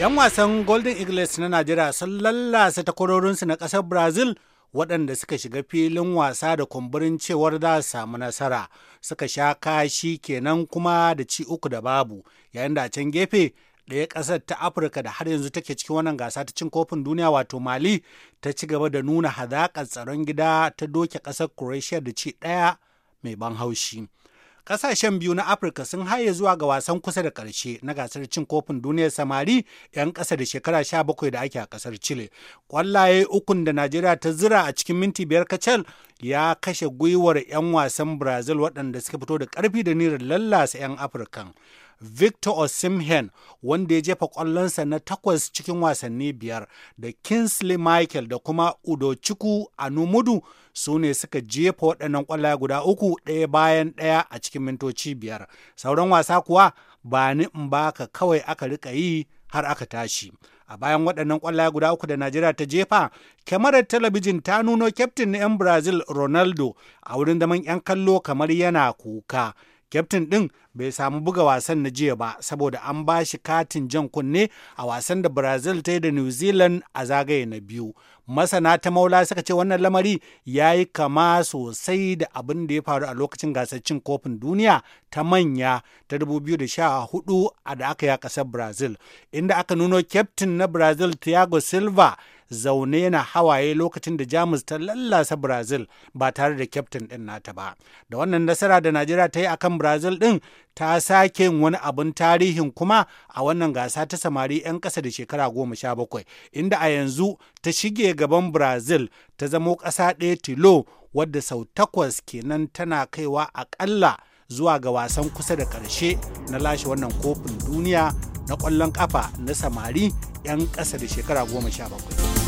'Yan wasan Golden Eagles na Najeriya sun lallasa takwarorinsu na ƙasar Brazil waɗanda suka shiga filin wasa da kumburin cewar za su samu nasara suka sha kashi kenan kuma da ci uku da babu yayin da can gefe ɗaya ƙasar ta afirka da har yanzu take cikin wannan gasa ta cin kofin duniya wato mali ta ci gaba da nuna hazaƙar tsaron gida ta doke ƙasar croatia da ci ɗaya mai ban haushi Ƙasashen biyu na Afirka sun haye zuwa ga wasan kusa da ƙarshe na gasar cin kofin duniyar samari 'yan ƙasa da shekara sha bakwai da ake a ƙasar Chile. Ƙwallaye ukun da Najeriya ta zira a cikin minti biyar kacal ya kashe gwiwar 'yan wasan Brazil waɗanda suka fito da ƙarfi da nirar lallasa 'yan Afirkan. Victor Osimhen wanda ya jefa kwallonsa na takwas cikin wasanni biyar da Kingsley Michael da kuma Udochukwu Anumudu su ne suka jefa waɗannan kwallaya guda uku ɗaya bayan ɗaya a cikin mintoci biyar. Sauran wasa kuwa ba ni in baka kawai aka rika yi har aka tashi. A bayan waɗannan kwallaya guda uku da Najeriya ta jefa, kyamarar talabijin ta nuno kyaftin na 'yan Brazil Ronaldo a wurin zaman 'yan kallo kamar yana kuka. kyaftin ɗin bai samu buga wasan na jiya ba saboda an ba shi katin jan kunne a wasan da brazil ta yi da new zealand a zagaye na biyu masana ta maula suka ce wannan lamari ya yi kama sosai da abin da ya faru a lokacin gasar cin kofin duniya ta manya ta 2014 a da aka yi a ƙasar brazil inda aka nuno kyaftin na brazil thiago silva zaune yana hawaye lokacin da jamus ta lallasa brazil ba tare da kyaftin din nata ba da wannan nasara da najeriya ta yi a kan brazil din ta sake wani abin tarihin kuma a wannan gasa ta samari 'yan ƙasa da shekara goma sha bakwai inda a yanzu ta shige gaban brazil ta zamo ƙasa ɗaya tilo wadda sau takwas kenan tana kaiwa aƙalla zuwa ga wasan kusa da ƙarshe na lashe wannan kofin duniya na ƙwallon ƙafa na samari 'yan ƙasa da shekara goma sha bakwai.